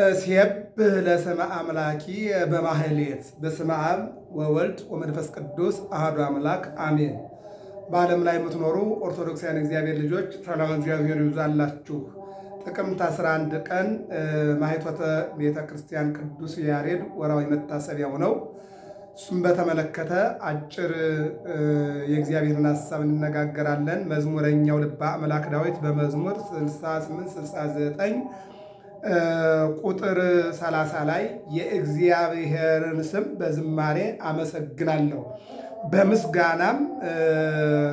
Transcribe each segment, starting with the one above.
እሴብህ ለስመ አምላኪ በማህሌት በስመ አብ ወወልድ ወመንፈስ ቅዱስ አሐዱ አምላክ አሜን። በዓለም ላይ የምትኖሩ ኦርቶዶክሳውያን እግዚአብሔር ልጆች ሰላም እግዚአብሔር ይብዛላችሁ። ጥቅምት 11 ቀን ማኅቶተ ቤተ ክርስቲያን ቅዱስ ያሬድ ወራዊ መታሰቢያው ነው። እሱም በተመለከተ አጭር የእግዚአብሔርን ሐሳብ እንነጋገራለን። መዝሙረኛው ልበ አምላክ ዳዊት በመዝሙር 68 69 ቁጥር ሰላሳ ላይ የእግዚአብሔርን ስም በዝማሬ አመሰግናለሁ በምስጋናም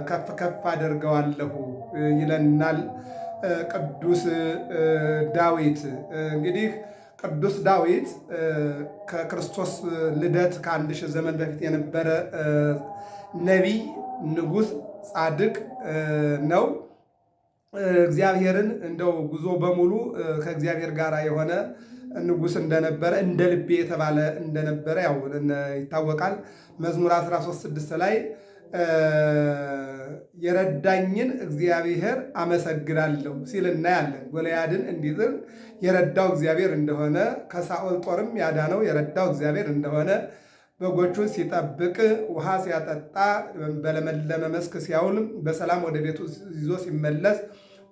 ከፍ ከፍ አደርገዋለሁ ይለናል ቅዱስ ዳዊት። እንግዲህ ቅዱስ ዳዊት ከክርስቶስ ልደት ከአንድ ሺህ ዘመን በፊት የነበረ ነቢይ፣ ንጉሥ፣ ጻድቅ ነው። እግዚአብሔርን እንደው ጉዞ በሙሉ ከእግዚአብሔር ጋር የሆነ ንጉስ እንደነበረ እንደ ልቤ የተባለ እንደነበረ ያው ይታወቃል። መዝሙር 136 ላይ የረዳኝን እግዚአብሔር አመሰግናለሁ ሲል እናያለን። ጎልያድን እንዲጥል የረዳው እግዚአብሔር እንደሆነ፣ ከሳኦል ጦርም ያዳነው የረዳው እግዚአብሔር እንደሆነ፣ በጎቹን ሲጠብቅ፣ ውሃ ሲያጠጣ፣ በለመለመ መስክ ሲያውል፣ በሰላም ወደ ቤቱ ይዞ ሲመለስ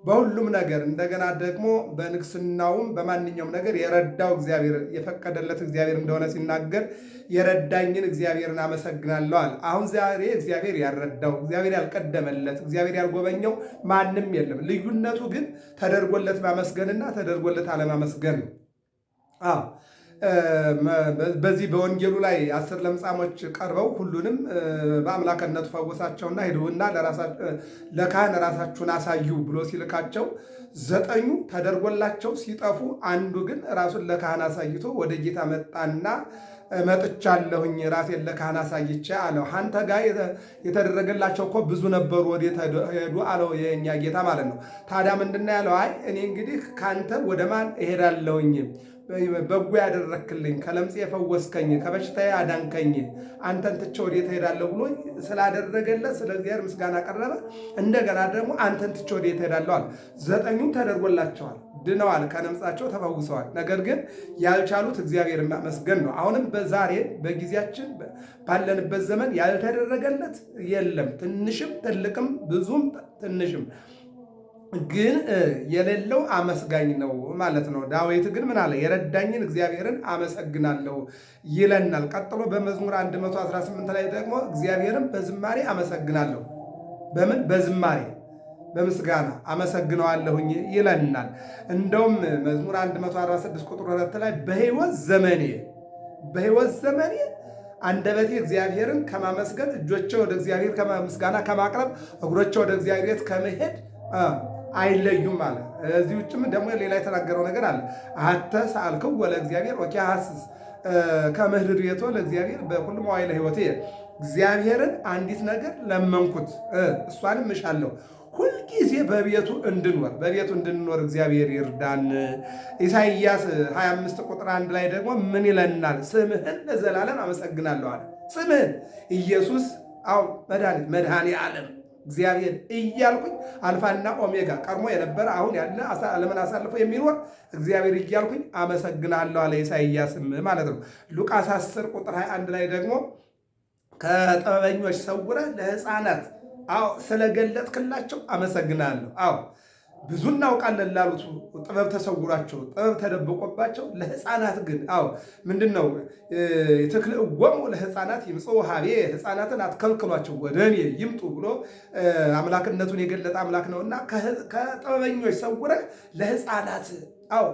በሁሉም ነገር እንደገና ደግሞ በንግስናውም በማንኛውም ነገር የረዳው እግዚአብሔር የፈቀደለት እግዚአብሔር እንደሆነ ሲናገር የረዳኝን እግዚአብሔርን አመሰግናለዋል። አሁን ዛሬ እግዚአብሔር ያልረዳው እግዚአብሔር ያልቀደመለት እግዚአብሔር ያልጎበኘው ማንም የለም። ልዩነቱ ግን ተደርጎለት ማመስገንና ተደርጎለት አለማመስገን ነው። በዚህ በወንጌሉ ላይ አስር ለምጻሞች ቀርበው ሁሉንም በአምላክነቱ ፈወሳቸውና ሂዱና ለካህን ራሳችሁን አሳዩ ብሎ ሲልካቸው ዘጠኙ ተደርጎላቸው ሲጠፉ አንዱ ግን ራሱን ለካህን አሳይቶ ወደ ጌታ መጣና መጥቻለሁኝ ራሴን ለካህን አሳይቼ አለው። አንተ ጋር የተደረገላቸው እኮ ብዙ ነበሩ ወዴት ሄዱ አለው የእኛ ጌታ ማለት ነው። ታዲያ ምንድን ነው ያለው? አይ እኔ እንግዲህ ከአንተ ወደ ማን እሄዳለሁኝ በጎ ያደረክልኝ ከለምጽ የፈወስከኝ ከበሽታ አዳንከኝ አንተን ትቼ ወዴት እሄዳለሁ ብሎ ስላደረገለት ስለ እግዚአብሔር ምስጋና ቀረበ። እንደገና ደግሞ አንተን ትቼ ወዴት እሄዳለሁ አለ። ዘጠኙም ተደርጎላቸዋል፣ ድነዋል፣ ከለምጻቸው ተፈውሰዋል። ነገር ግን ያልቻሉት እግዚአብሔር ማመስገን ነው። አሁንም በዛሬ በጊዜያችን ባለንበት ዘመን ያልተደረገለት የለም፣ ትንሽም ትልቅም ብዙም ትንሽም ግን የሌለው አመስጋኝ ነው ማለት ነው። ዳዊት ግን ምን አለ? የረዳኝን እግዚአብሔርን አመሰግናለሁ ይለናል። ቀጥሎ በመዝሙር 118 ላይ ደግሞ እግዚአብሔርን በዝማሬ አመሰግናለሁ። በምን በዝማሬ በምስጋና አመሰግነዋለሁኝ ይለናል። እንደውም መዝሙር 146 ቁጥር 2 ላይ በሕይወት ዘመኔ በሕይወት ዘመኔ አንደበቴ እግዚአብሔርን ከማመስገን እጆቼ ወደ እግዚአብሔር ከምስጋና ከማቅረብ እግሮቼ ወደ እግዚአብሔር ከመሄድ አይለዩም አለ። እዚህ ውጭም ደግሞ ሌላ የተናገረው ነገር አለ። አተ ሰአልከው ወለ እግዚአብሔር ወኪ ሀስስ ከምህድር የቶ ለእግዚአብሔር በሁሉ መዋዕለ ህይወት እግዚአብሔርን አንዲት ነገር ለመንኩት እሷንም እሻለሁ ሁልጊዜ በቤቱ እንድንወር በቤቱ እንድንኖር እግዚአብሔር ይርዳን። ኢሳይያስ 25 ቁጥር አንድ ላይ ደግሞ ምን ይለናል? ስምህን ለዘላለም አመሰግናለሁ አለ። ስምህን ኢየሱስ አው መድኃኒት መድኃኒ ዓለም እግዚአብሔር እያልኩኝ አልፋና ኦሜጋ ቀድሞ የነበረ አሁን ያለ ዓለምን አሳልፎ የሚኖር እግዚአብሔር እያልኩኝ አመሰግናለሁ አለ ኢሳይያስም ማለት ነው። ሉቃስ 10 ቁጥር 21 ላይ ደግሞ ከጥበበኞች ሰውረ ለሕፃናት አዎ ስለገለጥክላቸው አመሰግናለሁ። አዎ ብዙ እናውቃለን ላሉት ጥበብ ተሰውራቸው ጥበብ ተደብቆባቸው፣ ለህፃናት ግን አዎ ምንድን ነው የተክልእወሙ ለህፃናት ይምፅው ሀቤ ህፃናትን አትከልክሏቸው ወደ እኔ ይምጡ ብሎ አምላክነቱን የገለጠ አምላክ ነውና ከጥበበኞች ሰውረህ ለህፃናት አዎ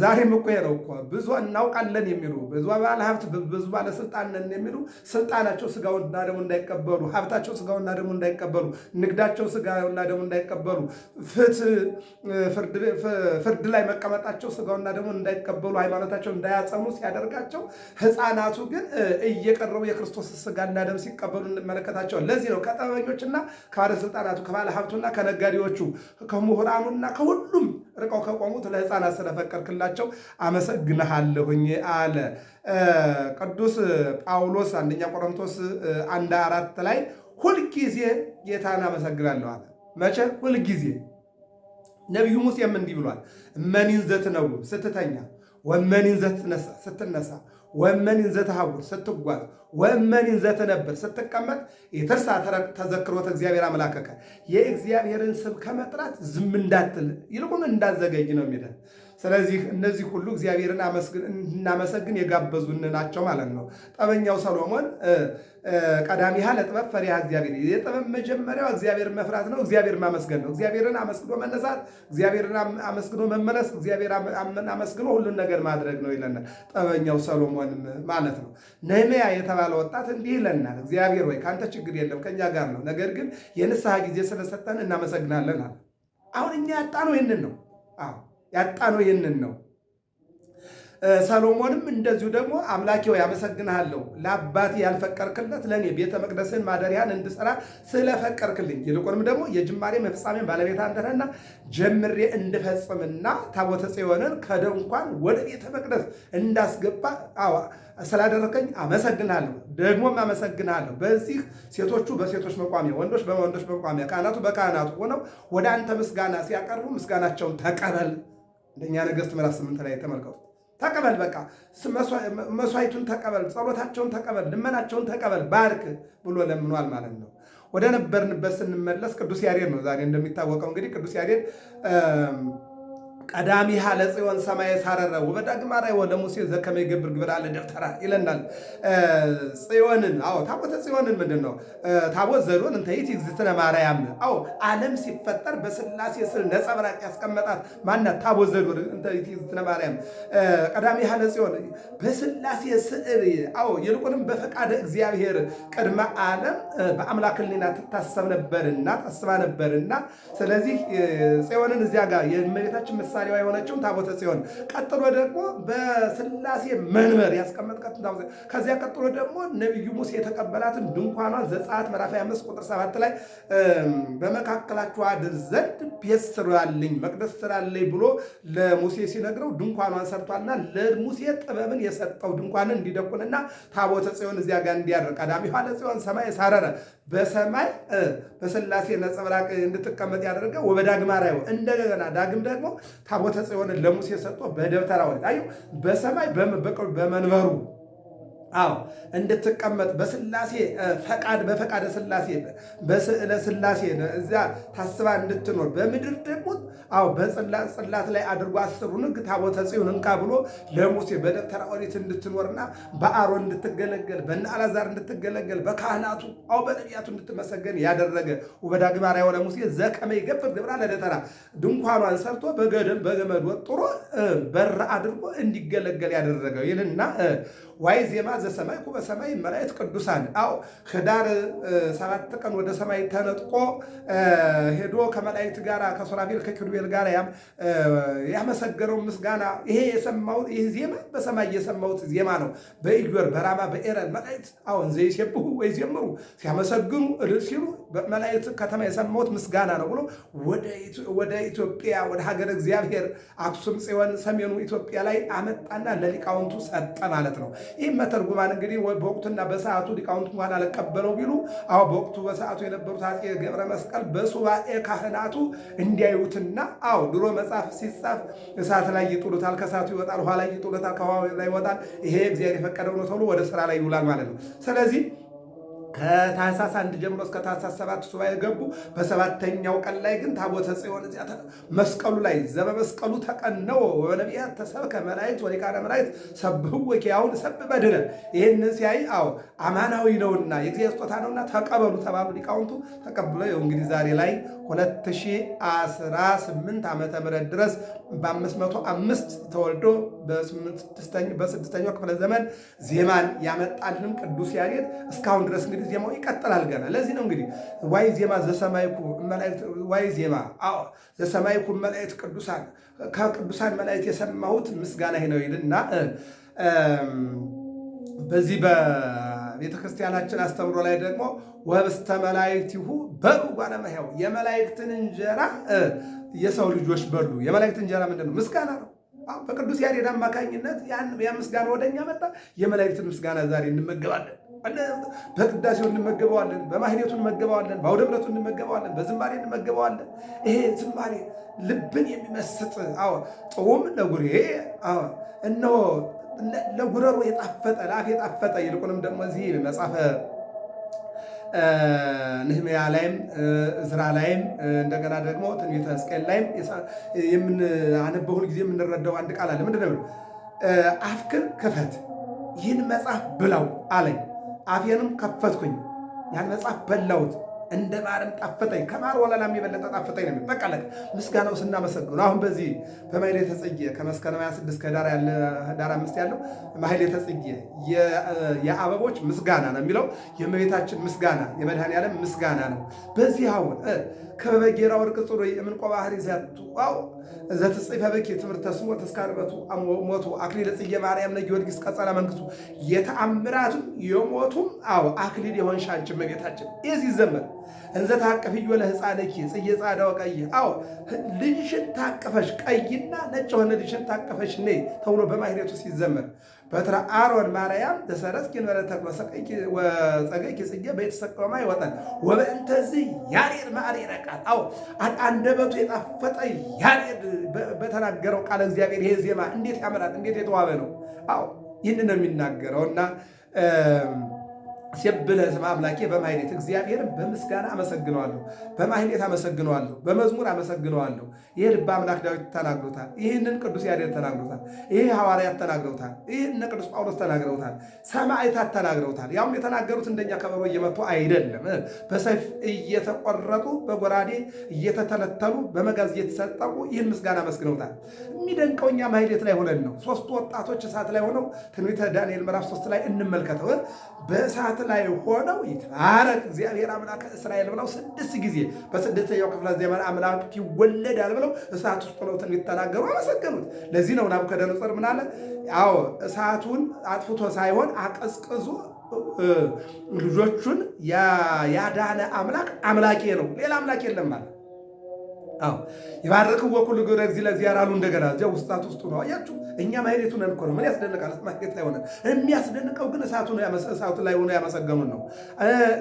ዛሬም እኮ ነው እኮ ብዙ እናውቃለን የሚሉ ብዙ ባለ ሀብት ብዙ ባለስልጣን ነን የሚሉ ስልጣናቸው ስጋውና ደሙ እንዳይቀበሉ፣ ሀብታቸው ስጋውና ደሙ እንዳይቀበሉ፣ ንግዳቸው ስጋውና ደሙ እንዳይቀበሉ፣ ፍትህ ፍርድ ላይ መቀመጣቸው ስጋውና ደሙ እንዳይቀበሉ፣ ሃይማኖታቸው እንዳያጸኑ ሲያደርጋቸው፣ ህፃናቱ ግን እየቀረቡ የክርስቶስ ስጋና ደም ሲቀበሉ እንመለከታቸዋል። ለዚህ ነው ከጥበበኞችና ከባለስልጣናቱ ከባለ ሀብቱና ከነጋዴዎቹ ከምሁራኑና ከሁሉም ርቀው ከቆሙት ለህፃናት ስለፈቀድክላቸው አመሰግንሃለሁኝ አለ። ቅዱስ ጳውሎስ አንደኛ ቆሮንቶስ አንድ አራት ላይ ሁልጊዜ ጌታን አመሰግናለሁ አለ። መቼ? ሁልጊዜ ነቢዩ ሙሴም እንዲህ ብሏል። እመኒን ዘትነውም ስትተኛ፣ ወመኒን ዘትነሳ ስትነሳ፣ ወመኒን ዘትሐውር ስትጓዝ፣ ወመኒን ዘትነብር ስትቀመጥ፣ የተርሳ ተዘክሮት እግዚአብሔር አመላከከ የእግዚአብሔርን ስም ከመጥራት ዝም እንዳትል ይልቁን እንዳዘገይ ነው የሚለን ስለዚህ እነዚህ ሁሉ እግዚአብሔርን እናመሰግን የጋበዙን ናቸው ማለት ነው። ጠበኛው ሰሎሞን ቀዳሚሃ ለጥበብ ፈሪሃ እግዚአብሔር፣ የጥበብ መጀመሪያው እግዚአብሔር መፍራት ነው፣ እግዚአብሔር ማመስገን ነው። እግዚአብሔርን አመስግኖ መነሳት፣ እግዚአብሔርን አመስግኖ መመለስ፣ እግዚአብሔር አመስግኖ ሁሉን ነገር ማድረግ ነው ይለናል ጠበኛው ሰሎሞን ማለት ነው። ነህምያ የተባለ ወጣት እንዲህ ይለናል፣ እግዚአብሔር ወይ ከአንተ ችግር የለም ከእኛ ጋር ነው፣ ነገር ግን የንስሐ ጊዜ ስለሰጠን እናመሰግናለን አለ። አሁን እኛ ያጣነው ይህንን ነው። አዎ ያጣነው ይህንን ነው። ሰሎሞንም እንደዚሁ ደግሞ አምላኬ ሆይ ለአባቴ ያልፈቀርክለት ለእኔ ቤተ መቅደስን ማደሪያን እንድሰራ ስለፈቀርክልኝ፣ ይልቁንም ደግሞ የጅማሬ መፍጻሜ ባለቤት አንተነህና ጀምሬ እንድፈጽምና ታቦተ ጽዮንን ከድንኳን ወደ ቤተ መቅደስ እንዳስገባ አዋ ስላደረከኝ አመሰግናለሁ። ደግሞም አመሰግናለሁ። በዚህ ሴቶቹ በሴቶች መቋሚያ፣ ወንዶች በወንዶች መቋሚያ፣ ካህናቱ በካህናቱ ሆነው ወደ አንተ ምስጋና ሲያቀርቡ ምስጋናቸውን ተቀበል እንደኛ ነገሥት ምዕራፍ ስምንት ላይ ተመልከቱ። ተቀበል፣ በቃ መስዋይቱን ተቀበል፣ ጸሎታቸውን ተቀበል፣ ልመናቸውን ተቀበል፣ ባርክ ብሎ ለምኗል ማለት ነው። ወደ ነበርንበት ስንመለስ ቅዱስ ያሬድ ነው ዛሬ እንደሚታወቀው እንግዲህ ቅዱስ ያሬድ ቀዳሚ ቀዳሚሃ ለጽዮን ሰማየ ሳረረ ወበዳግማ ራእየ ለሙሴ ዘከመ ይገብር ግብር አለ ደብተራ ይለናል። ጽዮንን አዎ ታቦተ ጽዮንን ምንድን ነው? ታቦት ዘዶን እንተ ይእቲ እግዝእትነ ማርያም አዎ ዓለም ሲፈጠር በስላሴ ስር ነጸብራቅ ያስቀመጣት ማናት? ታቦት ዘዶን እንተ ይእቲ እግዝእትነ ማርያም ቀዳሚሃ ለጽዮን በስላሴ ስዕር አዎ ይልቁንም በፈቃደ እግዚአብሔር ቅድመ ዓለም በአምላክ ሕሊና ትታሰብ ነበርና ታስባ ነበርና ስለዚህ ጽዮንን እዚያ ጋር የእመቤታችን መሳ ምሳሌዋ የሆነችውን ታቦተ ጽዮን፣ ቀጥሎ ደግሞ በስላሴ መንበር ያስቀመጥቀትን ታቦተ ከዚያ ቀጥሎ ደግሞ ነቢዩ ሙሴ የተቀበላትን ድንኳኗን ዘጸአት ምዕራፍ 25 ቁጥር 7 ላይ በመካከላችሁ አድር ዘንድ ቤት ስራልኝ መቅደስ ስራልኝ ብሎ ለሙሴ ሲነግረው ድንኳኗን ሰርቷልና ለሙሴ ጥበብን የሰጠው ድንኳንን እንዲደቁንና ታቦተ ጽዮን እዚያ ጋር እንዲያደር ኋለ ጽዮን ሰማይ ሳረረ በሰማይ በስላሴ ነጸብራቅ እንድትቀመጥ ያደረገ ወበዳግማራዩ እንደገና ዳግም ደግሞ ታቦተ ጽዮንን ለሙሴ ሰጥቶ በደብተራ ወረደ። አዩ በሰማይ በመንበሩ አዎ እንድትቀመጥ በስላሴ ፈቃድ በፈቃደ ስላሴ በስዕለ ስላሴ እዚያ ታስባ እንድትኖር በምድር ደግሞ አዎ በጽላት ላይ አድርጎ አስሩን ሕግ ታቦተ ጽዮን እንካ ብሎ ለሙሴ በደብተራ ኦሪት እንድትኖርና በአሮን እንድትገለገል በእነ አላዛር እንድትገለገል በካህናቱ አዎ በነቢያቱ እንድትመሰገን ያደረገ ወበዳግም አርአያ ለሙሴ ዘከመ ይገብር ግብራ ለደተራ ድንኳኗን ሰርቶ በገመድ ወጥሮ በር አድርጎ እንዲገለገል ያደረገው ይልና ዋይ ዜማ ዘሰማይ ኩበ ሰማይ መላእክት ቅዱሳን አው ህዳር ሰባት ቀን ወደ ሰማይ ተነጥቆ ሄዶ ከመላእክት ጋር ከሱራፌል ከኪሩቤል ጋር ያመሰገነው ምስጋና ይሄ የሰማው ይሄ ዜማ በሰማይ የሰማሁት ዜማ ነው። በኢዮር በራማ በኤረን መላእክት አሁን ዘይሴብሑ ወይ ዜምሩ ሲያመሰግኑ እልል ሲሉ መላእክት ከተማ የሰማሁት ምስጋና ነው ብሎ ወደ ኢትዮጵያ ወደ ሀገር እግዚአብሔር አክሱም ጽዮን ሰሜኑ ኢትዮጵያ ላይ አመጣና ለሊቃውንቱ ሰጠ ማለት ነው። ይህ መተርጉማን እንግዲህ በወቅቱና በሰዓቱ ሊቃውንት እንኳን አልቀበለው ቢሉ አሁ በወቅቱ በሰዓቱ የነበሩት አጼ ገብረ መስቀል በሱባኤ ካህናቱ እንዲያዩትና አው ድሮ መጽሐፍ ሲጻፍ እሳት ላይ ይጡሉታል፣ ከእሳቱ ይወጣል፣ ውሃ ላይ ይጥሉታል፣ ከውሃ ላይ ይወጣል። ይሄ እግዚአብሔር የፈቀደው ነው ተብሎ ወደ ስራ ላይ ይውላል ማለት ነው። ስለዚህ ከታህሳስ አንድ ጀምሮ እስከ ታህሳስ ሰባት ሱባኤ ገቡ። በሰባተኛው ቀን ላይ ግን ታቦተ ጽዮን እዚያ መስቀሉ ላይ ዘበመስቀሉ ተቀነው ወነቢያት ተሰብከ መላእክት ወሊቃነ መላእክት ሰብህው ወኪያውን ሰብ በድነ ይህንን ሲያይ አዎ አማናዊ ነውና የእግዚአብሔር ስጦታ ነውና ተቀበሉ ተባሉ ሊቃውንቱ ተቀብለው ይኸው እንግዲህ ዛሬ ላይ 2018 ዓመተ ምህረት ድረስ በ505 ተወልዶ በስድስተኛው ክፍለ ዘመን ዜማን ያመጣልንም ቅዱስ ያሬድ እስካሁን ድረስ እንግዲህ ዜማው ይቀጥላል ገና። ለዚህ ነው እንግዲህ ዋይ ዜማ ዘሰማይኩ መላእክት ዋይ ዜማ አዎ ዘሰማይኩ መላእክት ቅዱሳን ከቅዱሳን መላእክት የሰማሁት ምስጋና ነው ይልና በዚህ በቤተክርስቲያናችን አስተምሮ ላይ ደግሞ ወህብስተ መላእክቲሁ በሉ ባለመያው የመላእክትን እንጀራ የሰው ልጆች በሉ። የመላእክት እንጀራ ምንድን ነው? ምስጋና ነው። በቅዱስ ያሬድ አማካኝነት ያን ምስጋና ወደኛ መጣ። የመላእክትን ምስጋና ዛሬ እንመገባለን። በቅዳሴው እንመገበዋለን፣ በማህሌቱ እንመገበዋለን፣ በአውደ ምሕረቱ እንመገበዋለን፣ በዝማሬ እንመገበዋለን። ይሄ ዝማሬ ልብን የሚመስጥ አዎ፣ ጥዑም ለጉሬ አዎ፣ እነሆ ለጉረሩ የጣፈጠ ለአፍ የጣፈጠ ይልቁንም ደግሞ እዚህ መጽሐፈ ንህምያ ላይም እዝራ ላይም እንደገና ደግሞ ትንቢተ ሕዝቅኤል ላይም የምናነበው ሁልጊዜ የምንረዳው አንድ ቃል አለ። ምንድን ነው? አፍክን ክፈት፣ ይህን መጽሐፍ ብላው አለኝ አፌንም ከፈትኩኝ፣ ያን መጽሐፍ በላሁት፣ እንደ ማርም ጣፈጠኝ፣ ከማር ወለላም የበለጠ ጣፈጠኝ ነው። በቃ ለቅ ምስጋናው ስናመሰግኑ አሁን በዚህ በማሕሌተ ጽጌ ከመስከረም 26 ከዳር ያለ ዳር አምስት ያለው ማሕሌተ ጽጌ የአበቦች ምስጋና ነው የሚለው የእመቤታችን ምስጋና የመድኃኔዓለም ምስጋና ነው። በዚህ አሁን ከበበ ጌራ ወርቅ ጽሩይ የምንቆ ባህር ይዛቱ ዋው ዘትጽፈ በኪ ትምህርተ ስሞ ተስካርበቱ ሞቱ አክሊለ ጽጌ ማርያም ነ ጊዮርጊስ ቀጸላ መንግስቱ የተአምራቱም የሞቱም አዎ አክሊል የሆንሽ አንቺ እመቤታችን የዚህ ዘመን እንዘ ታቀፍዮ ለሕፃንኪ ጽጌ ጻዳው ቀይ አዎ ልጅሽን ታቀፈሽ ቀይና ነጭ የሆነ ልጅሽን ታቀፈሽ ነይ ተብሎ በማህሌቱ ሲዘመር በትረ አሮን ማርያም ተሰረስኪን ወለተክሎ ሰቀይኪ ወጸገይኪ ጽጌ በየተሰቀማ ይወጣል ወበእንተዚ ያሬድ ማሬረ ቃል አዎ አንደበቱ የጣፈጠ ያሬድ በተናገረው ቃል እግዚአብሔር ይሄ ዜማ እንዴት ያምራል! እንዴት የተዋበ ነው! አዎ ይህንን ነው የሚናገረውና ሴብለ ስመ አምላኬ በማሕሌት እግዚአብሔርን በምስጋና አመሰግነዋለሁ፣ በማሕሌት አመሰግነዋለሁ፣ በመዝሙር አመሰግነዋለሁ። ይህ ልበ አምላክ ዳዊት ተናግሮታል። ይህንን ቅዱስ ያሬድ ተናግሮታል። ይህ ሐዋርያት ተናግረውታል። ይህ ቅዱስ ጳውሎስ ተናግረውታል። ሰማዕታት ተናግረውታል። ያውም የተናገሩት እንደኛ ከበሮ እየመቱ አይደለም። በሰይፍ እየተቆረጡ፣ በጎራዴ እየተተለተሉ፣ በመጋዝ እየተሰጠቁ ይህን ምስጋና አመስግነውታል። የሚደንቀው እኛ ማህሌት ላይ ሆነን ነው። ሶስቱ ወጣቶች እሳት ላይ ሆነው ትንቢተ ዳንኤል ምዕራፍ ሶስት ላይ እንመልከተው። በእሳት ላይ ሆነው ይትባረክ እግዚአብሔር አምላከ እስራኤል ብለው ስድስት ጊዜ በስድስተኛው ክፍለ ዘመን አምላክ ይወለዳል ብለው እሳት ውስጥ ሆነው ትንቢት ተናገሩ፣ አመሰገኑት። ለዚህ ነው ናቡከደነፆር ምን አለ? አዎ እሳቱን አጥፍቶ ሳይሆን አቀዝቅዞ ልጆቹን ያዳነ አምላክ አምላኬ ነው፣ ሌላ አምላክ የለም ማለት አዎ ይባርክዎ ኩሉ ግብረ እግዚእ ለእግዚአብሔር አሉ። እንደገና እዚያ ውስጣት ውስጡ ነው። አያችሁ እኛ ማህሌቱ ነን እኮ ነው። ምን ያስደንቃል? ማህሌት ላይ ሆነን የሚያስደንቀው ግን እሳቱ ላይ ሆኖ ያመሰገኑን ነው።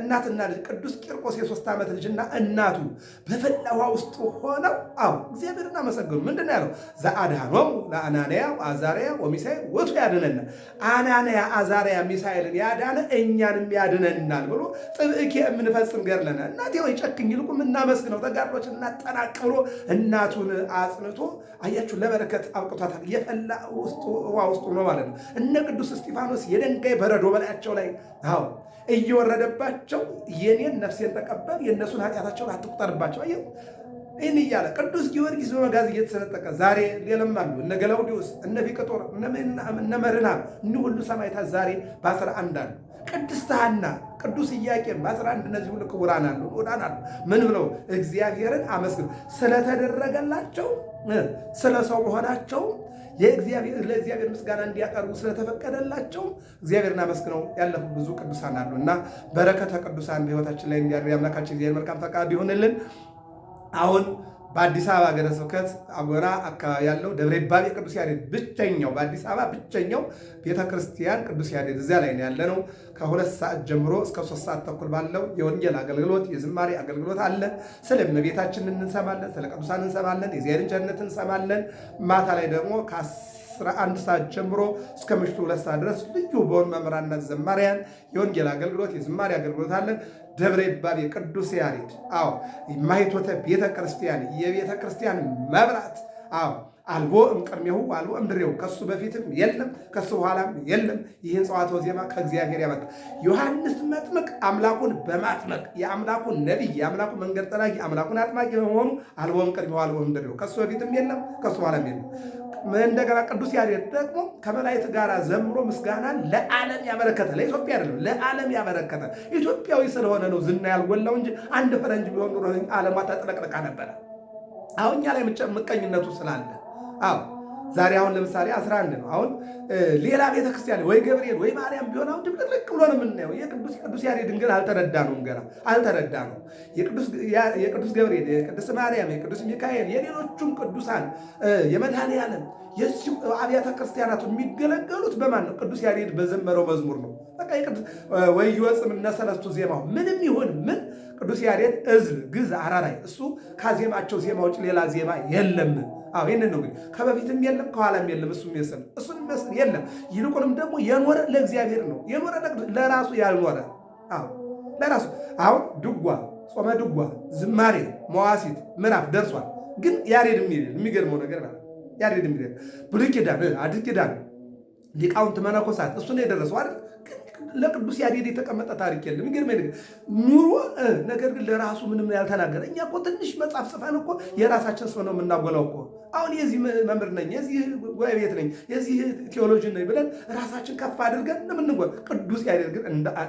እናትና ልጅ ቅዱስ ቂርቆስ የሶስት ዓመት ልጅና እናቱ በፈላ ውሃ ውስጥ ሆነው አዎ እግዚአብሔርን አመሰገኑ። ምንድን ያለው ዘአድኀኖሙ ለአናንያ አዛርያ ወሚሳኤል ወቱ ያድነና አናንያ አዛርያ ሚሳኤልን ያዳነ እኛንም ያድነናል ብሎ ጥብዕኬ የምንፈጽም ገርለና እናቴ ወይ ጨክኝ ይልቁ የምናመስግነው ተጋድሎች እናጠናቅ ቀቅሎ እናቱን አጽንቶ አያችሁ፣ ለበረከት አብቅቷታል። የፈላ ውሃ ውስጡ ነው ማለት ነው። እነ ቅዱስ እስጢፋኖስ የድንጋይ በረዶ በላያቸው ላይ አዎ እየወረደባቸው የኔን ነፍሴን ተቀበል የእነሱን ኃጢአታቸውን አትቁጠርባቸው። አየ ይህን እያለ ቅዱስ ጊዮርጊስ በመጋዝ እየተሰነጠቀ ዛሬ ሌላም አሉ እነ ገላውዲዮስ እነ ፊቅጦር እነ መርና እኒህ ሁሉ ሰማዕታት ዛሬ በአስራ አንድ አሉ። ቅድስት ሐና ቅዱስ እያቄን በአስራ አንድ እነዚህ ሁሉ ክቡራን አሉ ዳን አሉ። ምን ብለው እግዚአብሔርን አመስግኑ ስለተደረገላቸው ስለ ሰው መሆናቸው ለእግዚአብሔር ምስጋና እንዲያቀርቡ ስለተፈቀደላቸው እግዚአብሔርን አመስግነው ያለፉ ብዙ ቅዱሳን አሉ እና በረከተ ቅዱሳን በህይወታችን ላይ እንዲያድር የአምላካችን እግዚአብሔር መልካም ፈቃድ ይሆንልን። አሁን በአዲስ አበባ ሀገረ ስብከት አጎራ አካባቢ ያለው ደብረ ይባቤ ቅዱስ ያሬድ ብቸኛው በአዲስ አበባ ብቸኛው ቤተክርስቲያን ቅዱስ ያሬድ እዚያ ላይ ያለ ነው። ከሁለት ሰዓት ጀምሮ እስከ ሶስት ሰዓት ተኩል ባለው የወንጌል አገልግሎት የዝማሬ አገልግሎት አለ። ስለ እመቤታችን እንሰማለን፣ ስለ ቅዱሳን እንሰማለን፣ የእግዚአብሔርን ቸርነት እንሰማለን። ማታ ላይ ደግሞ ከአስ 11 ሰዓት ጀምሮ እስከ ምሽቱ ሁለት ሰዓት ድረስ ልዩ በሆን መምህራንና ዘማሪያን የወንጌል አገልግሎት የዝማሪ አገልግሎት አለን። ደብረ ይባል የቅዱስ ያሬድ፣ አዎ ማይቶተ ቤተ ክርስቲያን የቤተ ክርስቲያን መብራት፣ አዎ አልቦ እምቅድሜሁ አልቦ እምድሬው ከሱ በፊትም የለም ከሱ በኋላም የለም። ይህን ጸዋትወ ዜማ ከእግዚአብሔር ያመጣ ዮሐንስ መጥምቅ አምላኩን በማጥመቅ የአምላኩን ነቢይ የአምላኩ መንገድ ጠራጊ አምላኩን አጥማቂ በመሆኑ አልቦ እምቅድሜሁ አልቦ እምድሬው ከሱ በፊትም የለም ከሱ በኋላም የለም። እንደገና ቅዱስ ያሬድ ደግሞ ከመላእክት ጋር ዘምሮ ምስጋናን ለዓለም ያበረከተ ለኢትዮጵያ አይደለም ለዓለም ያበረከተ ኢትዮጵያዊ ስለሆነ ነው ዝና ያልጎላው እንጂ አንድ ፈረንጅ ቢሆን ኑሮ ዓለማ ተጥለቅልቃ ነበረ። አሁን እኛ ላይ ምቀኝነቱ ስላለ አዎ ዛሬ አሁን ለምሳሌ 11 ነው። አሁን ሌላ ቤተክርስቲያን ወይ ገብርኤል ወይ ማርያም ቢሆን አሁን ድብልቅልቅ ብሎ ነው የምናየው። የቅዱስ ቅዱስ ያሬድን ግን አልተረዳ ነው ገና አልተረዳ ነው። የቅዱስ ገብርኤል፣ የቅዱስ ማርያም፣ የቅዱስ ሚካኤል፣ የሌሎቹም ቅዱሳን የመድኃኔ ዓለም የዚሁ አብያተ ክርስቲያናቱ የሚገለገሉት በማን ነው? ቅዱስ ያሬድ በዘመረው መዝሙር ነው። በቃ ወይ ይወፅም እነ ሰለስቱ ዜማው ምንም ይሁን ምን ቅዱስ ያሬድ እዝል፣ ግዝ አራራይ እሱ ካዜማቸው ዜማ ውጭ ሌላ ዜማ የለም። አዎ ይህንን ነው እንግዲህ ከበፊትም የለም ከኋላም የለም እሱ የሚመስል እሱን የሚመስል የለም። ይልቁንም ደግሞ የኖረ ለእግዚአብሔር ነው የኖረ ለራሱ ያልኖረ አዎ ለራሱ አሁን ድጓ ጾመ ድጓ ዝማሬ መዋሲት ምዕራፍ ደርሷል። ግን ያሬድ የሚገርመው ነገር ነው ያሬድ የሚል ብሉይ ኪዳን አዲስ ኪዳን ሊቃውንት መነኮሳት እሱ ነው የደረሰው አይደል ለቅዱስ ያሬድ የተቀመጠ ታሪክ የለም። ግርም ነገር ኑሮ ነገር ግን ለራሱ ምንም ያልተናገረ እኛ እኮ ትንሽ መጽሐፍ ጽፈን እኮ የራሳችን ሰው ነው የምናጎላው እኮ አሁን የዚህ መምህር ነኝ፣ የዚህ ጉባኤ ቤት ነኝ፣ የዚህ ቴዎሎጂ ነኝ ብለን ራሳችን ከፍ አድርገን ለምንጎ ቅዱስ ያሬድ ግን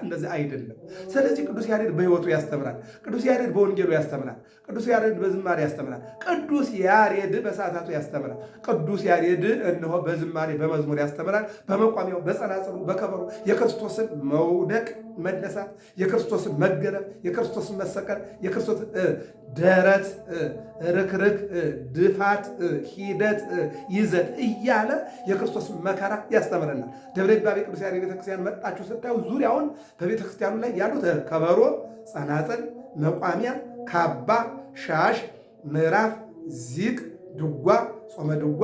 እንደዚህ አይደለም። ስለዚህ ቅዱስ ያሬድ በህይወቱ ያስተምራል። ቅዱስ ያሬድ በወንጌሉ ያስተምራል። ቅዱስ ያሬድ በዝማሬ ያስተምራል። ቅዱስ ያሬድ በሰዓታቱ ያስተምራል። ቅዱስ ያሬድ እነሆ በዝማሬ በመዝሙር ያስተምራል። በመቋሚያው፣ በጸናጽሉ፣ በከበሩ የክርስቶስን መውደቅ መነሳት፣ የክርስቶስን መገረፍ፣ የክርስቶስን መሰቀል፣ የክርስቶስ ደረት ርክርክ፣ ድፋት፣ ሂደት፣ ይዘት እያለ የክርስቶስ መከራ ያስተምረናል። ደብረ ባቤ ቅዱስ ያሬድ ቤተክርስቲያን መጣችሁ ስታዩ ዙሪያውን በቤተክርስቲያኑ ላይ ያሉት ከበሮ፣ ጸናጽል፣ መቋሚያ፣ ካባ፣ ሻሽ፣ ምዕራፍ፣ ዚቅ፣ ድጓ ጾመ ድጓ፣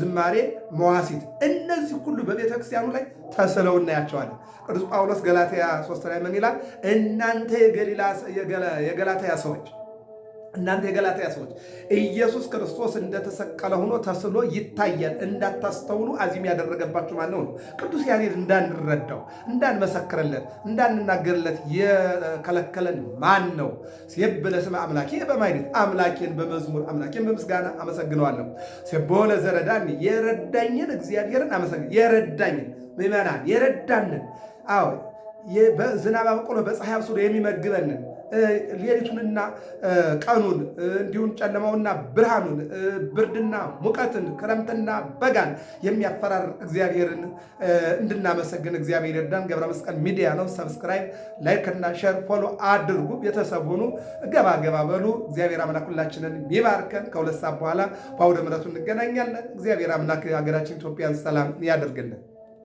ዝማሬ፣ መዋሲት እነዚህ ሁሉ በቤተ ክርስቲያኑ ላይ ተስለው እናያቸዋለን። ቅዱስ ጳውሎስ ገላትያ ሶስት ላይ ምን ይላል? እናንተ የገላትያ ሰዎች እናንተ የገላትያ ሰዎች ኢየሱስ ክርስቶስ እንደተሰቀለ ሆኖ ተስሎ ይታያል። እንዳታስተውሉ አዚም ያደረገባችሁ ማነው ነው? ቅዱስ ያሬድ እንዳንረዳው፣ እንዳንመሰክርለት፣ እንዳንናገርለት የከለከለን ማን ነው? ሴብሖ ለስመ አምላኬ አምላኬን በመዝሙር አምላኬን በምስጋና አመሰግነዋለሁ። ሴብሖ ለዘረዳኒ የረዳኝን እግዚአብሔርን አመሰግን የረዳኝን ምዕመናን የረዳንን አዎ በዝናብ አብቅሎ በፀሐይ አብስሎ የሚመግበንን ሌሊቱንና ቀኑን እንዲሁም ጨለማውና ብርሃኑን ብርድና ሙቀትን ክረምትና በጋን የሚያፈራር እግዚአብሔርን እንድናመሰግን እግዚአብሔር ይርዳን። ገብረ መስቀል ሚዲያ ነው። ሰብስክራይብ፣ ላይክና ሸር ፎሎ አድርጉ። ቤተሰብ ሁኑ። ገባ ገባ በሉ። እግዚአብሔር አምላክ ሁላችንን ይባርከን። ከሁለት ሰዓት በኋላ በአውደ ምሕረቱ እንገናኛለን። እግዚአብሔር አምላክ ሀገራችን ኢትዮጵያን ሰላም ያደርግልን።